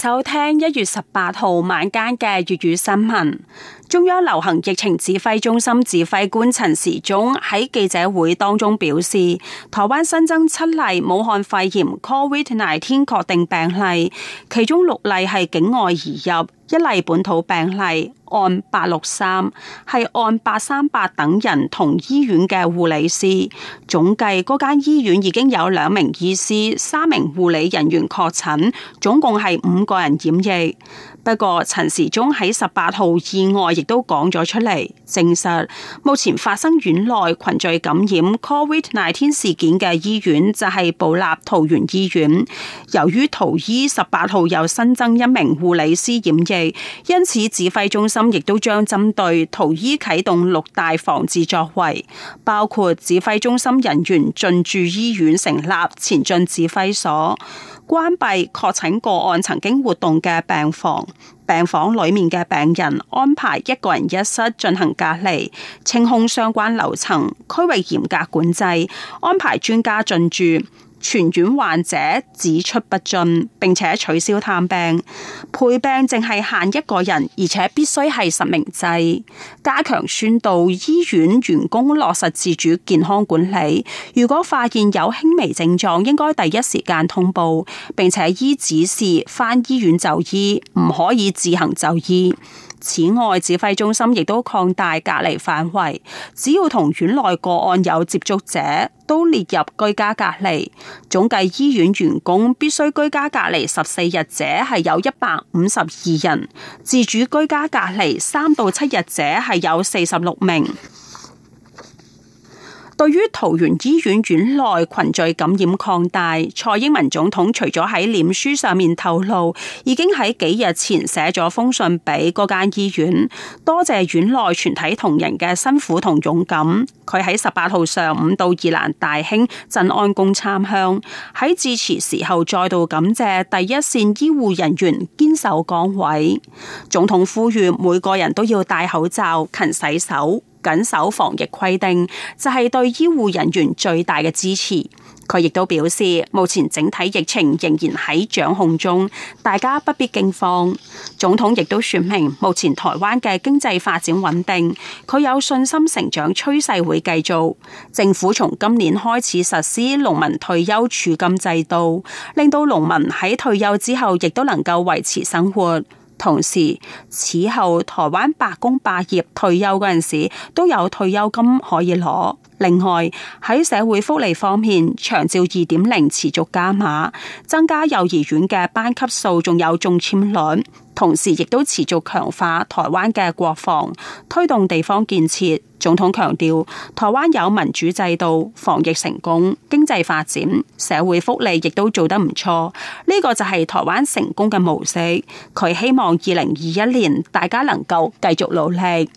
收聽一月十八號晚間嘅粵語新聞。中央流行疫情指揮中心指揮官陳時中喺記者會當中表示，台灣新增七例武漢肺炎 COVID-19 確定病例，其中六例係境外移入，一例本土病例。案八六三係案八三八等人同醫院嘅護理師，總計嗰間醫院已經有兩名醫師、三名護理人員確診，總共係五個人染疫。不過陳時中喺十八號意外亦都講咗出嚟，證實目前發生院內群聚感染 Covid 廿天事件嘅醫院就係寶立桃園醫院。由於桃醫十八號又新增一名護理師演疫，因此指揮中心亦都將針對桃醫啟動六大防治作為，包括指揮中心人員進駐醫院成立前進指揮所，關閉確診個案曾經活動嘅病房。病房裏面嘅病人安排一個人一室進行隔離，清空相關樓層區域，嚴格管制，安排專家進駐。全院患者只出不進，並且取消探病，陪病淨係限一個人，而且必須係實名制。加強宣導，醫院員工落實自主健康管理。如果發現有輕微症狀，應該第一時間通報，並且依指示返醫院就醫，唔可以自行就醫。此外，指揮中心亦都擴大隔離範圍，只要同院內個案有接觸者，都列入居家隔離。總計醫院員工必須居家隔離十四日者係有一百五十二人，自主居家隔離三到七日者係有四十六名。對於桃園醫院院內群聚感染擴大，蔡英文總統除咗喺臉書上面透露，已經喺幾日前寫咗封信俾嗰間醫院，多謝院內全體同仁嘅辛苦同勇敢。佢喺十八號上午到宜蘭大興鎮安宮參香，喺致辭時候再度感謝第一線醫護人員堅守崗位。總統呼籲每個人都要戴口罩、勤洗手。緊守防疫規定就係對醫護人員最大嘅支持。佢亦都表示，目前整體疫情仍然喺掌控中，大家不必驚慌。總統亦都說明，目前台灣嘅經濟發展穩定，佢有信心成長趨勢會繼續。政府從今年開始實施農民退休儲金制度，令到農民喺退休之後亦都能夠維持生活。同時，此後台灣百工百業退休嗰陣時，都有退休金可以攞。另外喺社會福利方面，長照二點零持續加碼，增加幼兒園嘅班級數，仲有中簽率。同時亦都持續強化台灣嘅國防，推動地方建設。總統強調，台灣有民主制度，防疫成功，經濟發展，社會福利亦都做得唔錯。呢個就係台灣成功嘅模式。佢希望二零二一年大家能夠繼續努力。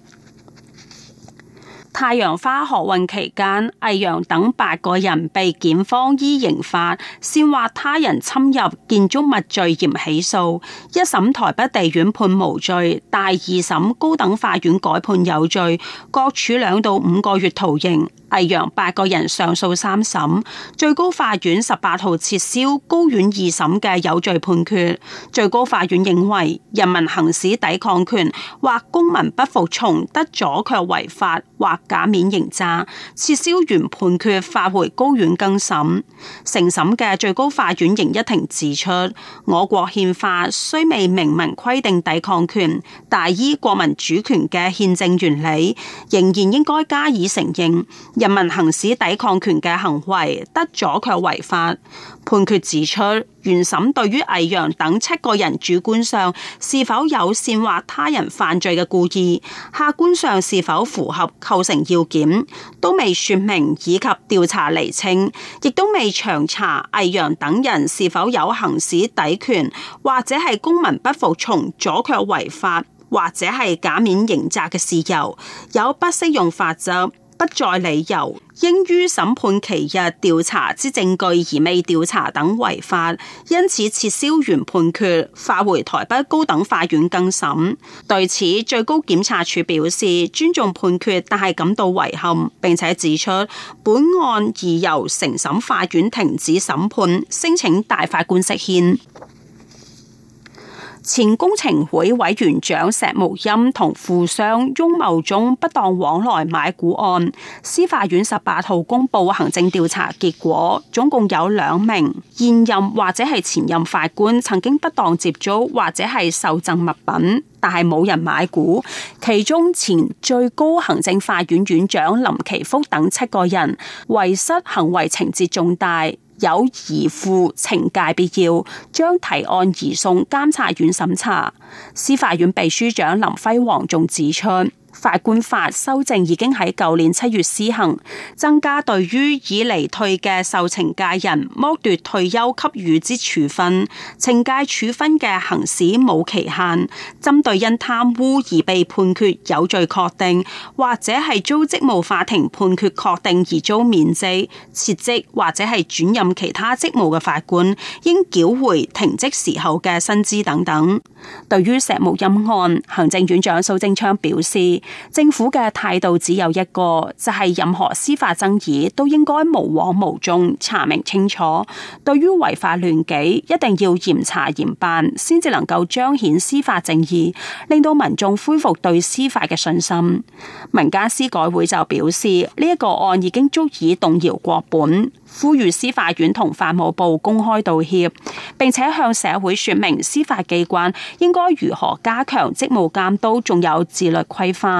太陽花學運期間，魏揚等八個人被檢方依刑法煽惑他人侵入建築物罪嫌起訴，一審台北地院判無罪，大二審高等法院改判有罪，各處兩到五個月徒刑。魏揚八個人上訴三審，最高法院十八號撤銷高院二審嘅有罪判決。最高法院認為人民行使抵抗權或公民不服從得阻卻違法或減免刑責，撤銷原判決，發回高院更審。承審嘅最高法院刑一庭指出，我國憲法雖未明文規定抵抗權，但依國民主權嘅憲政原理，仍然應該加以承認。人民行使抵抗權嘅行為得阻卻違法，判決指出，原審對於魏揚等七個人主觀上是否有煽惑他人犯罪嘅故意，客觀上是否符合構成要件，都未說明以及調查釐清，亦都未詳查魏揚等人是否有行使抵權或者係公民不服從阻卻違法或者係減免刑責嘅事由，有不適用法則。不再理由，應於審判期日調查之證據而未調查等違法，因此撤銷原判決，發回台北高等法院更審。對此，最高檢察署表示尊重判決，但係感到遺憾。並且指出本案已由承審法院停止審判，聲請大法官釋憲。前工程會委員長石木欽同富商翁茂忠不當往來買股案，司法院十八號公布行政調查結果，總共有二十名現任或者係前任法官曾經不當接觸或者係受贈物品，但係冇人買股，其中前最高行政法院院長林奇福等七個人違失行為情節重大。有移付懲戒必要，將提案移送監察院審查。司法院秘書長林輝煌仲指出。法官法修正，已經喺舊年七月施行，增加對於已離退嘅受懲戒人剝奪退休給予之處分，懲戒處分嘅行使冇期限。針對因貪污而被判決有罪確定，或者係遭職務法庭判決確定而遭免職、撤職或者係轉任其他職務嘅法官，應繳回停職時候嘅薪資等等。對於石木欽案，行政院長蘇貞昌表示，政府嘅態度只有一個，就係任何司法爭議都應該無枉無縱查明清楚。對於違法亂紀，一定要嚴查嚴辦，先至能夠彰顯司法正義，令到民眾恢復對司法嘅信心。民間司改會就表示，呢一個案已經足以動搖國本，呼籲司法院同法務部公開道歉，並且向社會說明司法機關應該如何加強職務監督，仲有自律規範。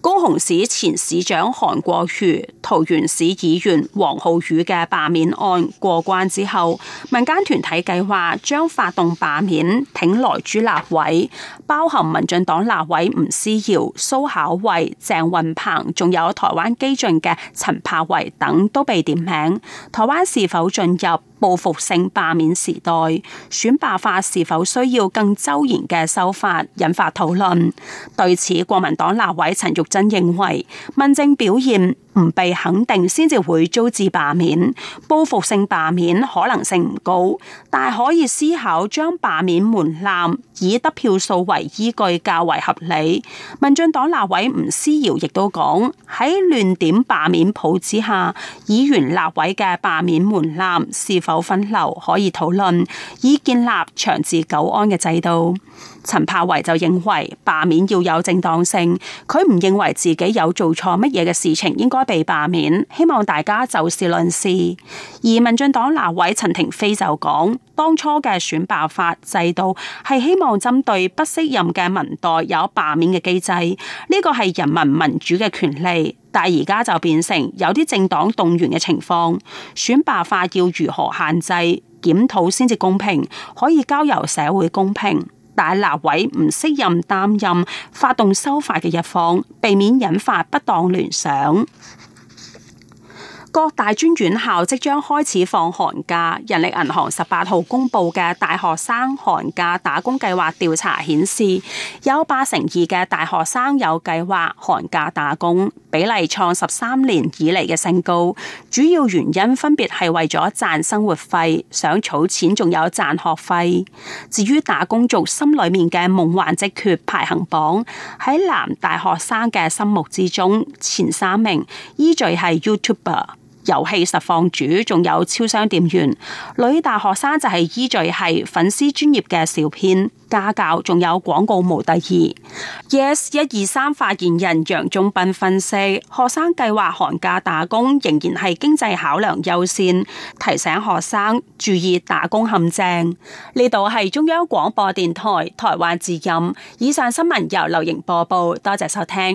高雄市前市長韓國瑜。桃園市議員王浩宇嘅罷免案過關之後，民間團體計劃將發動罷免，挺萊豬立委，包含民進黨立委吳思瑤、蘇巧慧、鄭運鵬，仲有台灣基進嘅陳柏惟等都被點名。台灣是否進入報復性罷免時代？選罷法是否需要更周延嘅修法？引發討論。對此，國民黨立委陳玉珍認為，問政表現。唔被肯定，先至會遭致罷免。報復性罷免可能性唔高，但係可以思考將罷免門檻以得票數為依據較為合理。民進黨立委吳思瑤亦都講，喺亂點罷免譜之下，議員立委嘅罷免門檻是否分流可以討論，以建立長治久安嘅制度。陳柏惟就認為罷免要有正當性，佢唔認為自己有做錯乜嘢嘅事情應該被罷免。希望大家就事論事。而民進黨立委陳亭妃就講，當初嘅選罷法制度係希望針對不適任嘅民代有罷免嘅機制，呢個係人民民主嘅權利。但而家就變成有啲政黨動員嘅情況，選罷法要如何限制檢討先至公平，可以交由社會公平。大立委唔適任擔任發動修法嘅一方，避免引發不當聯想。各大專院校即將開始放寒假，人力銀行十八號公布嘅大學生寒假打工計劃調查顯示，有八成二嘅大學生有計劃寒假打工，比例創十三年以嚟嘅新高。主要原因分別係為咗賺生活費、想儲錢，仲有賺學費。至於打工族心裏面嘅夢幻職缺排行榜，喺男大學生嘅心目之中，前三名依序係 YouTuber。遊戲實況主，仲有超商店員。女大學生就係依序係粉絲專業嘅小編、家教仲有廣告模特兒，yes 一二三發言人楊仲斌分析，學生計劃寒假打工仍然係經濟考量優先，提醒學生注意打工陷阱。呢度係中央廣播電台台灣之音，以上新聞由劉瑩播報，多謝收聽。